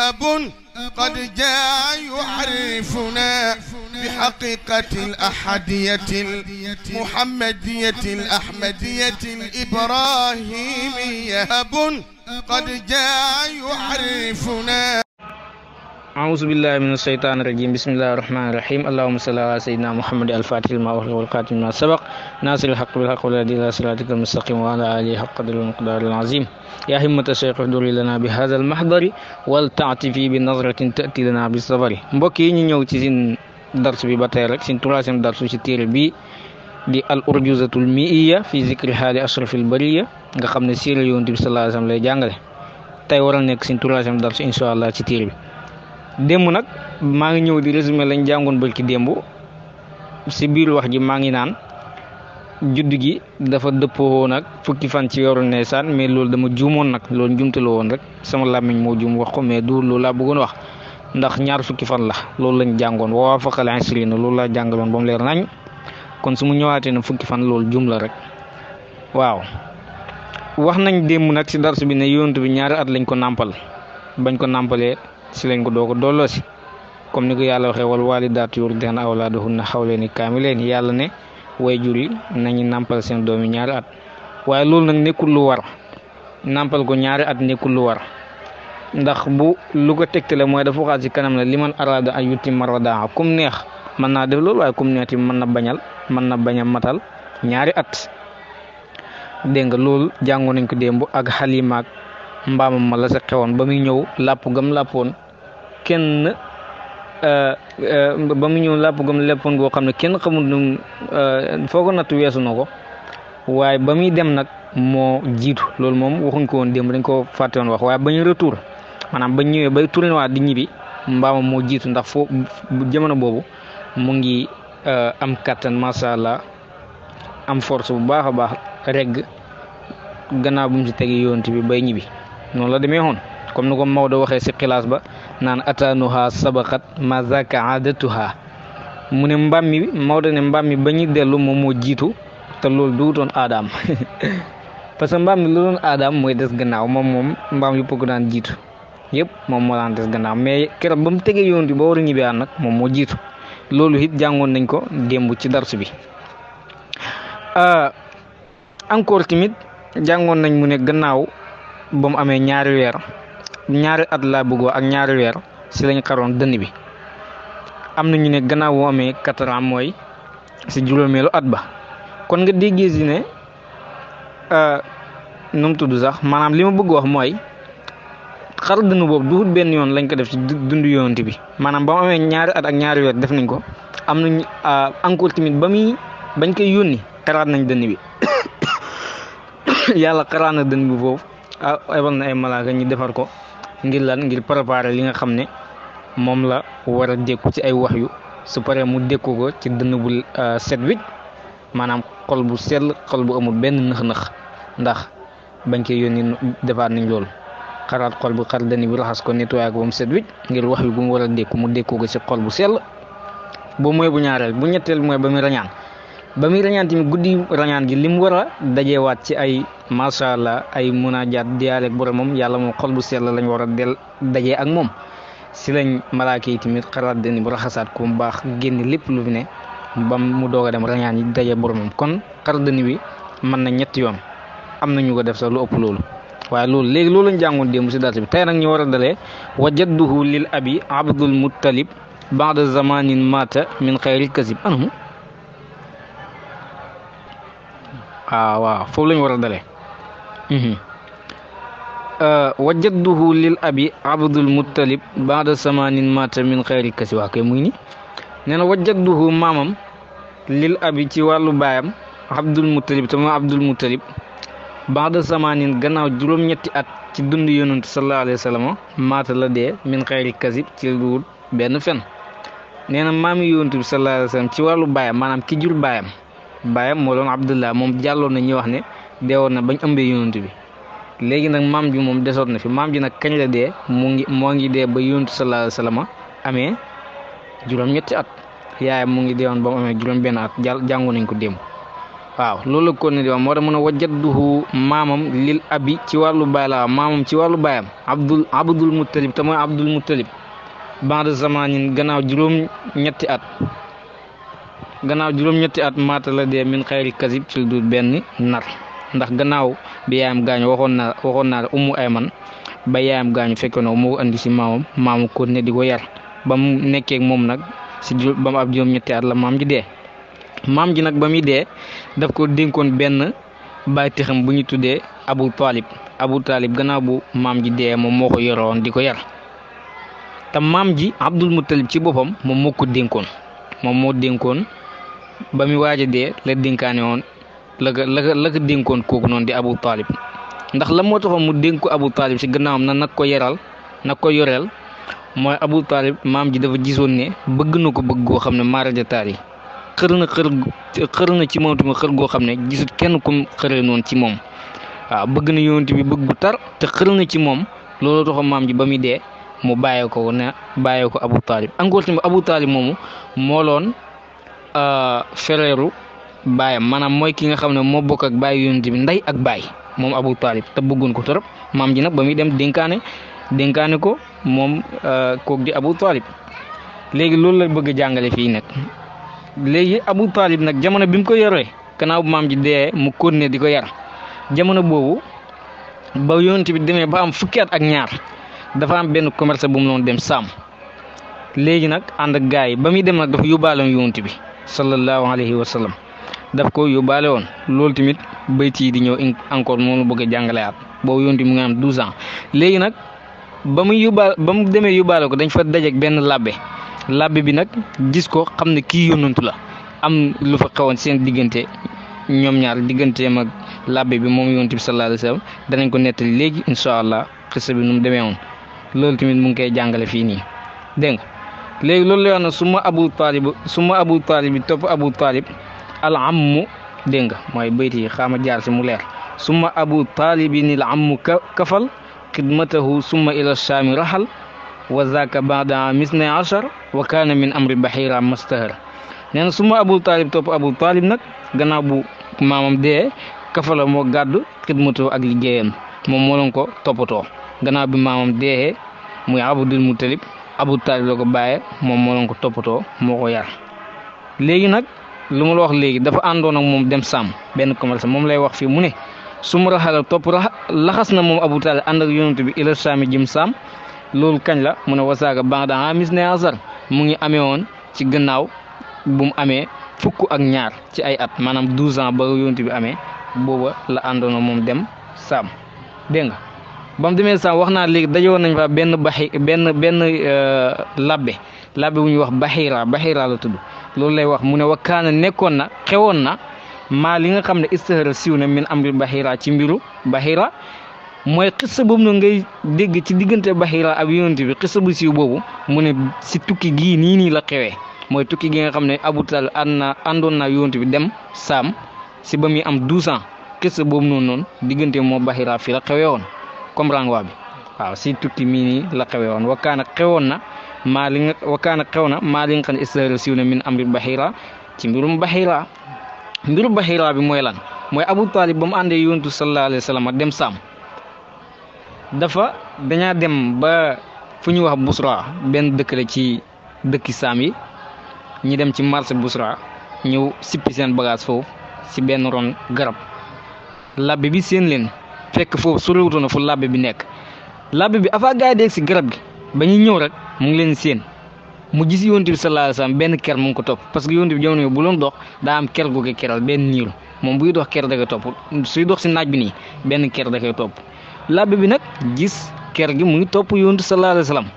أب قد جاء يعرفنا بحقيقة الأحدية المحمدية الأحمدية الإبراهيمية أب قد جاء يعرفنا أعوذ بالله من الشيطان الرجيم بسم الله الرحمن الرحيم اللهم صل على سيدنا محمد الفاتح لما أغلق والخاتم لما سبق ناصر الحق بالحق والهدي إلى صراطك المستقيم وعلى آله حق قدر المقدار العظيم يا همة الشيخ احضر لنا بهذا المحضر في بنظرة تأتي لنا بالصبر مبكي نيو تزين درس بي رك سين تراسم درس شتير بي دي الأرجوزة المئية في ذكر حال أشرف البرية nga xamne sirri yoonte bi sallallahu alayhi wasallam lay jangale tay waral nek sin tourage am dal démb nag maa ngi ñëw di résumé lañ jàngoon bërki démb si biir wax ji maa ngi naan judd gi dafa dëppoo nag fukki fan ci weeru neesaan mais loolu dama juumoon nag loolu njumte la woon rek sama làmmiñ moo juum wax ko mais du loolu laa bëggoon wax ndax ñaar fukki fan la loolu lañ jàngoon waa faqal insrina loolu laa jàngaloon ba leer nañ kon su mu ñëwaatee na fukki fan loolu juum la rek waaw wax nañ démb nag si darsu bi ne yonent bi ñaari at lañ ko nàmpal bañ ko nàmpalee ci lañ ko doko ko ci comme niko yalla ya waxe waxee wal waalidaatu yurdi'na awladuhunna hawlan kamilen yalla ya ne way jur yi nañu doomi ñaar at waaye lool nak nekul lu war nampal ko ñaar at nekul lu war ndax bu lu ko tektele moy dafa xal ci kanam la liman arada ayuti an yutimma kum neex man na def lool waaye kum neeti man na bañal man na baña matal ñaari at deng lool loolu nañ ko dembu ak halima mbaamam ma la sa woon ba muy ñëw làpp gam làppoon kenn euh, euh, ba mu ñëw làpp gam làppoon goo xam ne kenn xamul nu euh, foo ko natt weesu na ko waaye ba muy dem nag moo jiitu loolu moom waxuñ ko woon démb dañ ko fàtte woon wax waaye ba ñu retour maanaam ba ñëwee bay tourné waat di ñibbi mbaamam moo jiitu ndax foo jamono boobu mu ngi am kattan macha allah am force bu baax a baax regg gannaaw bu mu ci tegi yoonte bi bay ñibbi noonu la demee woon comme nu ko Maodo waxee si xilaas ba naan ataanuha sabaqat ma zaka aadatuha mu ne mbaam mi Maodo ne mbaam mi ba ñuy dellu moom moo jiitu te loolu duutoon aadaam parce que mbaam mi lu doon mooy des gannaaw moom moom mbaam yëpp ko daan jiitu yëpp moom moo daan des gannaaw mais keroog ba mu tegee yoon bi ba war a ñibbi nag moom moo jiitu loolu it jàngoon nañ ko démb ci darsu bi euh, encore tamit jàngoon nañ mu ne gannaaw. ba mu amee ñaari weer ñaari at laa bëggoo ak ñaari weer si lañ xaroon dënn bi am na ñu ne gannaaw woo amee quatre mooy si juróomeelu at ba kon nga déggee si ne euh, nu tudd sax maanaam li ma bëgg wax mooy xar dënn boobu duhut benn yoon lañ ko def ci dund yoonte bi maanaam ba mu amee ñaari at ak ñaari weer def nañ ko am nañ euh, encore tamit ba muy bañ koy yónni xaraat nañ dënn bi yàlla xaraat na dënn bi foofu Ah, ebal na ay malaaka ñu defar ko ngir lan ngir préparer li nga xam ne moom la war a dékku ci ay wax yu su paree mu dékku ko ci dënn bu ah, set wicc maanaam xol bu sell xol bu amul benn nëx-nëx ndax bañ koy yónni defaat nañ loolu xaraat xol bu xar dani bi raxas ko nettoyé ko ba mu set wicc ngir wax yu bu mu war a dékku mu dékkoo ko ci xol bu sell boo mooy bu ñaareel bu ñetteel mooy ba mu rañaan ba muy rañaan tamit guddi rañaan gi li mu war a dajewaat ci ay macha allah ay munajaat diyaaleeg moom yàlla moom xol bu sell lañ war a del dajee ak moom si lañ malaaka yi tamit xalaat deni bu raxasaat ko mu baax génn lépp lu fi ne ba mu doog a dem rañaan yi boro boromam kon xar dënn bi mën na ñetti yoon am na ñu ko def sax lu ëpp loolu waaye loolu léegi loolu lañ jàngoon démb si dars bi tey nag ñu war a dalee wa jadduhu lil abi abdul muttalib ba'da zamanin mata min xayril kasib anhu ah waaw foofu la war a dalee mhm. euh, wa jadduhu lil abi abdul muttalib baada samanin mata min xayri kasi waa koy mu ngi ni nee na wa jadduhu maamam lil abi ci wàllu baayam abdul muttalib tama abdul muttalib baada samanin gannaaw juróom-ñetti at ci dund yonantu sallallahu alayhi wa maata la dee min xayri kasib ci luwul benn fen nee na maami yonantu bi sallallahu alayhi ci wàllu baayam maanaam ki jur baayam baayam moo doon abdullah moom jàlloon na ñuy wax ne deewoon na bañ ëmbee yonent bi léegi nag maam ji moom desoon na fi maam ji nag kañ la dee mu ngi moo ngi dee ba yonent sallallahu alayhi wasallam amee juróom-ñetti at yaayam mu ngi deewoon ba mu amee juróom-benn at jàngu nañ ko démb waaw loolu la ko ne di wax moo tax mu ne wajadduhu maamam lil abi ci wàllu baay la maamam ci wàllu baayam abdul abdul muttalib te mooy abdul muttalib ba'da zamanin juróom-ñetti at gannaaw juróom-ñetti at maata la dee min xayri kasib ci lu dul benn nar ndax gannaaw bi yaayam gaañu waxoon naa waxoon naa umu ayman ba yaayam gaañu fekke na moo ko andi si maamam maamu ko ne di ko yar ba mu nekkee moom nag si ba mu ab la maam ji dee maam ji nag ba muy dee daf ko dénkoon benn bàyyi xam bu ñu tuddee abu taalib abu taalib gannaaw bu maam ji dee moom moo ko yoroon di ko yar te maam ji abdul muttalib ci boppam moom moo ko dénkoon moom moo dénkoon ba mu waaj a dee la dénkaane woon la ko la ko la ko dénkoon kooku noonu di Abu Talib ndax la moo taxoon mu dénk ko Abu Talib si am na nag ko yaral na ko yoreel mooy Abu Talib maam ji dafa gisoon ne bëgg na ko bëgg goo xam ne maaraaja taal yi xër na xër xër na ci moom tamit xër goo xam ne gisut kenn kum xëree noonu ci moom waaw bëgg na yonent bi bëgg bu tar te xër na ci moom loolu taxoon maam ji ba muy dee mu bàyyee ko ne bàyyee ko Abu Talib encore tamit moomu moo loon Euh, fereeru baayam maanaam mooy ki nga xam ne moo bokk ak baay yonent bi nday ak baay moom Abu Taalib te bëggoon ko trop maam ji nag ba muy dem dénkaane dénkaane ko moom euh, kook di Abu Taalib léegi loolu la bëgg a jàngale fii nag léegi Abu Taalib nag jamono bi mu ko yoree gannaaw maam ji dee mu continuer di ko yar jamono boobu ba yonent bi demee ba am fukki at ak ñaar dafa am benn commerce bu mu dem saam léegi nag ànd ak gars yi ba muy dem nag dafa yóbbaale yonent bi. sallallahu alayhi wa sallam daf ko yóbbaale woon loolu tamit bayt yi di ñëw encore moom la bëgg a jàngaleyaat boo yonti mu ngi am douze ans léegi nag ba muy yóbbaale ba mu demee yóbbaale ko dañ fa dajeeg benn labbe labbe bi nag gis ko xam ne kii yónnantu la am lu fa xewoon seen diggante ñoom ñaar digganteem ak labbe bi moom yonti bi sallallahu alayhi wa danañ ko nettali léegi incha allah xisa bi nu mu demee woon loolu tamit mu ngi koy jàngale fii nii dégg léegi loolu lay wax suma abu taalib suma abu taalib bi topp abu taalib al ammu dégg nga mooy bayti yi xaama jaar si mu leer suma abu taalibin al ammu kafal xidmatahu suma ila shaami raxal wa zaka baada misna achar wa kaana min amri bahira mastahar nee na suma abu taalib topp abu taalib nag gannaaw bu maamam dee kafala moo gàddu xidmatahu ak liggéeyam moom moo leen ko toppatoo gannaaw bi maamam deexee muy abdul mutalib abu talib la ko bàyyee moom moo ko topoto moko yar léegi nak lu wax léegi dafa andon ak mom dem sam, benn commerçant mom lay wax fi mu ne su top raxala topp na moom abu talib and ak yonent bi ila sami jim sam, lol kagn la mu wasaga banda amis ne azar mu ngi amé won ci gannaaw bu mu fukk ak ñaar ci ay at manam 12 ans ba yonent bi amé boba la andon ak dem sam, denga. ba mu demee saam wax naa léegi dajewoon nañ fa benn baxi benn benn euh, labbe labbe bu ñuy wax baxiira baxiira la tudd loolu lay wax mu ne wa nekkoon na xewoon na maa li nga xam ne istihara siiw na min amri baxiira ci mbiru baxiira mooy xissa boobu noonu ngay dégg ci diggante baxiira ak yonent bi xissa bu siiw boobu mu ne si tukki gii nii nii la xewee mooy tukki gi nga xam ne Abu Talib ànd na àndoon naa yonent bi dem saam si ba muy am douze ans xissa boobu noon noonu diggante moo baxiira fii la xewee woon comme rangwa bi waaw si tukki mi ni la xewé won wakana xewoon na maa li nga min amri bahira ci mbirum bahira mbirum bahira bi moy lan moy abu talib bam ande yunus sallallahu alayhi wasallam dem sam dafa dañaa dem ba fuñu wax busra ben dekk la ci dekk sam yi ñi dem ci marché busra ñëw sipi sen bagage fofu si ben ron garab labbi bi sen len fekk foofu soriwutoon na fu labbe bi nekk labbe bi afa gaay deg dégg si garab gi ba ñuy ñëw rek mu ngi leen seen mu gis yonte bi sallallahu alayhi wasallam benn ker mu ngi ko topp parce que yonte bi jamono bu doon dox daa am ker gu koy keral benn niiru moom buy dox ker da koy topp suy dox si naaj bi nii benn ker da koy topp labbe bi nag gis ker gi mu ngi topp yonte sallallahu alayhi wasallam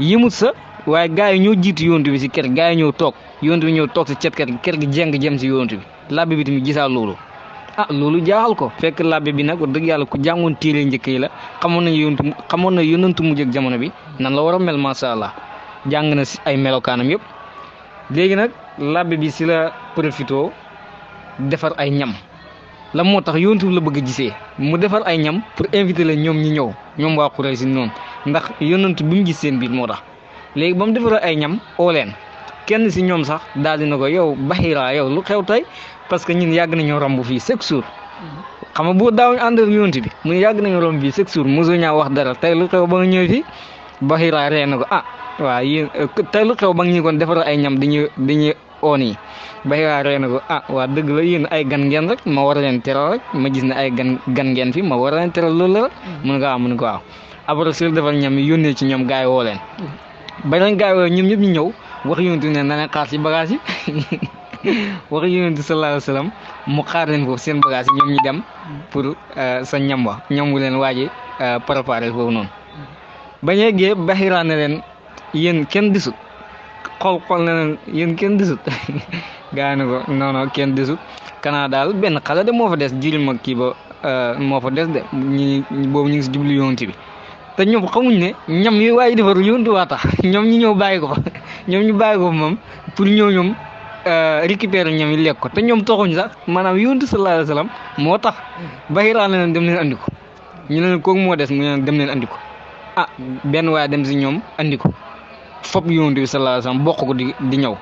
yimut sa waaye gaay ñoo jiitu yonte bi si ker gaay ñoo ñëw toog yonte bi ñëw toog si cet ker gi ker gi jeng jëm si yonte bi labbe bi tamit gisaa loolu ah lolu jaaxal ko fekk labbe bi nak deug yalla ku jàngoon tire ndike la xamone na xamone xamoon mu jek jamono bi nan la wara mel mel sha allah jang na si ay melokanam yeb legi nak labbe bi sila profito defar ay ñam lam motax tax la bëgg gisé mu defar ay ñam pour inviter la ñom ñi ñew ñom wa Quraysh non ndax yonantu bu ñu gis seen biir tax ay ñam kenn si ñom sax dal dina ko yow Bahira yow lu xew tay parce que ñun yàgg nañoo romb fii chaque jour xam nga bu daaw ñu ànd ak yonti bi mu yàgg nañu romb fii chaque jour mosu ñaa wax dara tey lu xew ba nga ko ah waaw yéen euh, tey ñu kon defaral ay ñam dañuy dañuy oon na ko ah, waa dëgg la yéen ay gan ngeen rek ma war leen teral rek ma gis ne ay gan gan ngeen fi ma war leen teral loolu la mun nga waaw mun ko waaw après su defal ñam yi yónnee ci ñoom gaay woo leen ba leen gaay ñu ñëw wax yonti ne na xaar ci bagage wax yonent bi sallallahu mu xaar leen foofu seen bagage yi ñoom ñu dem pour euh, sa ñam wa ñam wu leen waaji euh, préparé foofu noonu ba ñu eggee Bahira leen yéen kenn disut xool xool na leen yéen kenn disut gaa ko non kenn disut kanaa daal benn xale de moo fa des jëriñ ma kii ba euh, moo fa des de ñi boobu ñu ngi si jublu yonent bi te ñoom xamuñ ne ñam yooyu waaye defarul yonent waa tax ñoom ñu ñëw bàyyi ko fa ñoom ñu bàyyi ko fa moom pour ñëw ñoom euh, récupérer ñam yi lekk ko te ñoom toxuñ sax maanaam yontu sallallahu alayhi wasallam bahira na leen dem leen andi ko ñu leen kooku moo des mu dem leen andiko ah benn waaye dem si ñoom andi fop yontu sallallahu alayhi wasallam bokk di di ñëw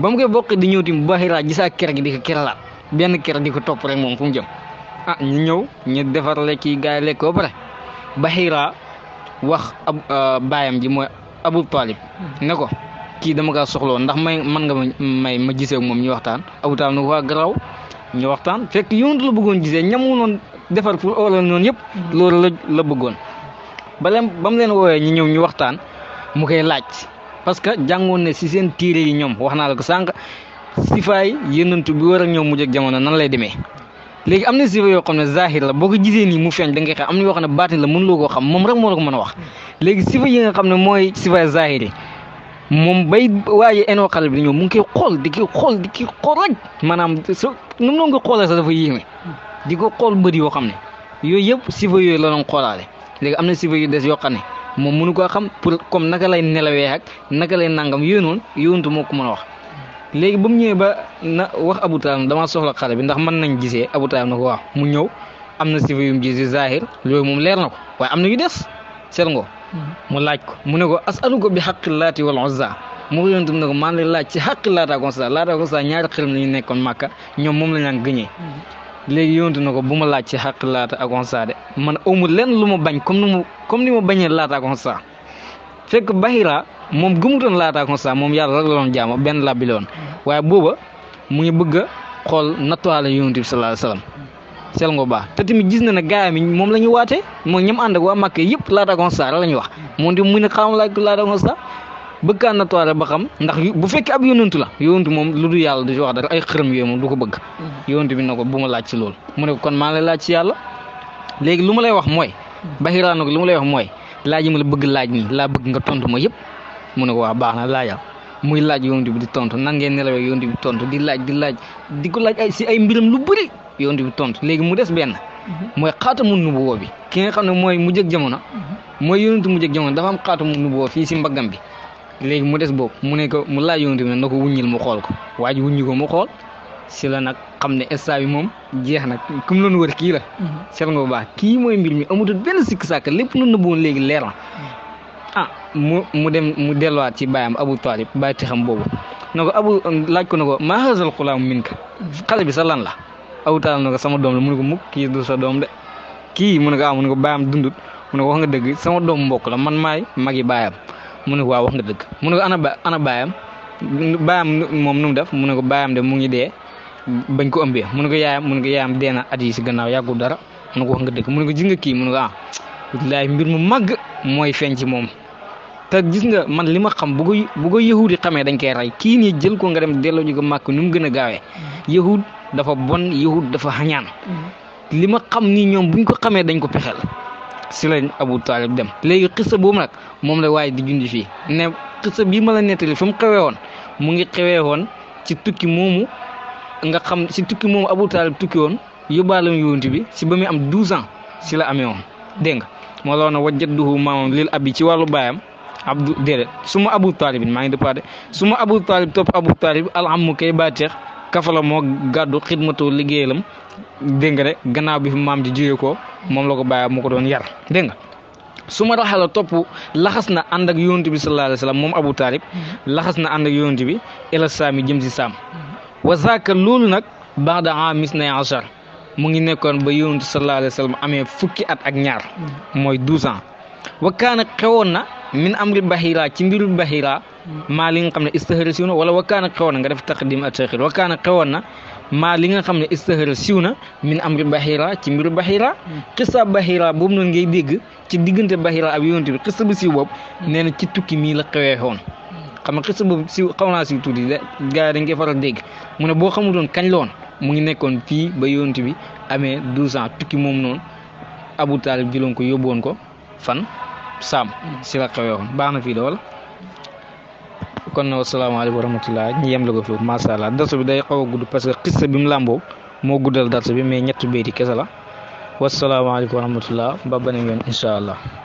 mm-hmm. ba koy di ñëw tim bahira gisaa ker gi di ko la ben ker di ko topp rek moom fu mu jëm ah ñu ñëw ñu defar lekk yi gaay bahira wax ab eh, bayam ji mooy abu talib mm-hmm. ne kii dama kaa soxloo ndax may man nga may ma gisee moom ñu waxtaan Abu Taalib nag waa garaaw ñu waxtaan fekk yonent la bëggoon gisee ñamu defar pour oolal noonu yëpp loolu la la bëggoon baleem ba mu leen woowee ñu ñëw ñu waxtaan mu koy laaj parce que jàngoon ne si seen tiire yi ñoom wax naa la ko sànq sifaay yonent bi war a ñëw mujj ak jamono nan lay demee léegi am na sifa yoo xam ne zahir la boo ko gisee nii mu feeñ da ngay xam am na yoo xam ne baatin la mënuloo koo moom rek moo ko mën a moom bay waaye enoo xale bi ñoom mu ngi koy xool di xool di ko xool rek maanaam so nu mu nga xoolee sax dafa yéeme di ko xool mbër yoo xam ne yooyu yëpp sifa yooyu la doon xoolaale léegi am na sifa yu des yoo xam ne moom mënu koo xam pour comme naka lay nelawee ak naka lay nangam yooyu noonu yowuntu moo ko mën a wax léegi ba mu ñëwee ba na wax Abu Taalib soxla xale bi ndax mën nañ gisee Abu Taalib ko mu ñëw am na sifa yu mu gis zahir yooyu moom leer na waaye am na yu des seet nga mu laaj ko mu ne ko asaluka bi xaqi laati wal uzza mu yonent bi ne ko maa ngi lay laaj ci xaqi laata ak uzza laata ak uzza ñaari xërëm la ñu nekkoon màkka ñoom moom la ñu daan gëñee léegi yonent na ko bu ma laaj ci xaqi laata ak uzza de man amul lenn lu ma bañ comme ni mu comme ni ma bañee laata ak uzza fekk Bahira moom gëmutoon laata ak uzza moom yàlla rek la doon jaama benn labbi la woon waaye booba mu ngi bëgg a xool nattuwaale yonent bi wa sel ngo ba te timi gis na na gaay mi mom lañu waté mo ñam and ak waa màkk yëpp laata constat la lañu wax mo ndi mu ne xam laaj laata constat bëgg na toile ba xam ndax bu fekk ab yonantu la yonantu mom luddul yalla du ci wax dara ay xërem yooyu mom du ko bëgg mm-hmm. bi nako bu ci mu ne kon ma lay laacc ci lu lay wax moy bahira lu lay wax moy laaji mu la bëgg laaj ni la bëgg nga tontu mo yépp mu ne ko waa baax na muy laaj bi di tontu nan ngeen bi tontu di laaj di laaj di ko laaj ay si ay mbirum lu bari yonent bi tontu léegi mu des benn mhm. mooy xaata xaatamu nubuwoo bi ki nga xam ne mooy mu jëg jamono mhm. mooy yonent mu jëg jamono dafa am xaatamu nubuwoo fii si mbaggam bi léegi mu des boobu mu ne ko mu laaj yonent bi na ko wuññil mu xool ko waa ji wuññi ko mu xool si la nag xam ne instant bi moom jeex nag ku mu doon wër kii la mhm. seet nga wu baax kii mooy mbir mi amatul benn sikk sàkk lépp lu nëbboon léegi leer na ah mu dem mu delluwaat ci baayam Abu Talib baa xam boobu na ko abu laaj ko na ko maa haazal xulaam minka bi sa lan la aw taal na ko la mun ne ko mukk kii du sa doom de kii mu ne am ah mu ko baayam dundut mu ne ko wax nga dëgg sama doom mbokk la man maay magi baayam mu ne ko wax nga dëgg mu ne ko ana ba ana baayam baayam moom nu mu def mu ne ko baayam de mu ngi dee bañ ko ëmbee mu ne ko yaayam mu ne ko yaayam dee at yi si gannaaw yàggul dara mu ne ko wax nga dëgg mu nga ko nga kii mu ne ko ah wallaay mbir mu màgg mooy feeñ ci moom te gis nga man li ma xam bu ko bu ko yahud yi xamee dañ koy rey kii nii jël ko nga dem delloo ñu ko màkk nu gën a gaawee dafa bon yahud dafa xañaan mm-hmm. li ma xam ni ñoom buñ ko xamee dañ ko pexeel si lañ Abu Taalib dem léegi xisa boobu nag moom la waaye di jundi fii ne xisa bii ma la nettali fi mu xewee woon mu ngi xewee woon ci tukki moomu nga xam si tukki moomu Abu Taalib tukki woon yóbbaalam yonent bi si ba muy am douze ans si la amee woon dégg nga moo la woon wajjadduhu maamam lil abi ci wàllu baayam abdu déedéet su ma Abu Taalib maa ngi départé su ma Abu Taalib topp Abu Taalib alhammu kay baateex kafala moo gàddu xidmatu liggéeyalam dégg nga rek gannaaw bi fi maam ji jóge ko moom la ko bàyyi mu ko doon yar dégg nga su ma raxala topp laxas na ànd ak yonent bi sallallahu alayhi moom Abu Taalib mm-hmm. laxas na ànd ak yonent bi ila saam yi jëm si saam wa zaaka loolu nag ba'da aamis na achar mu ngi nekkoon ba yonent sa alayhi wa sallam amee fukki at ak ñaar mm-hmm. mooy douze ans wa kaana xewoon na min amri bahira ci mbiru bahira maa li nga xam ne istahara siw na wala wakkaana kaana xewoon na nga def taq ak taxir wa kaana xewoon na maa li nga xam ne istahara siw na min amri bahira ci mbiru bahira xisa bahira boobu noonu ngay dégg ci diggante bahira ak yonent bi xisa bu siw boobu nee na ci tukki mii la xewee woon xam nga xisa boobu siw xaw naa siw tuuti de gars yi dañ koy faral dégg mu ne boo xamuloon kañ loon mu ngi nekkoon fii ba yonent bi amee douze ans tukki moom noonu Abu Taalib jëloon ko yóbboon ko fan saam hmm. si la xewee woon baax na fii lool kon na wasalaamaaleykum wa rahmatulah ñu yem la ko fii macha allah darsu bi day xaw a gudd parce que xista bi mu làmboo moo guddal darsu bi mais ñetti béyti kese la wasalaamaaleykum wa rahmatulah ba beneen yoon incha allah.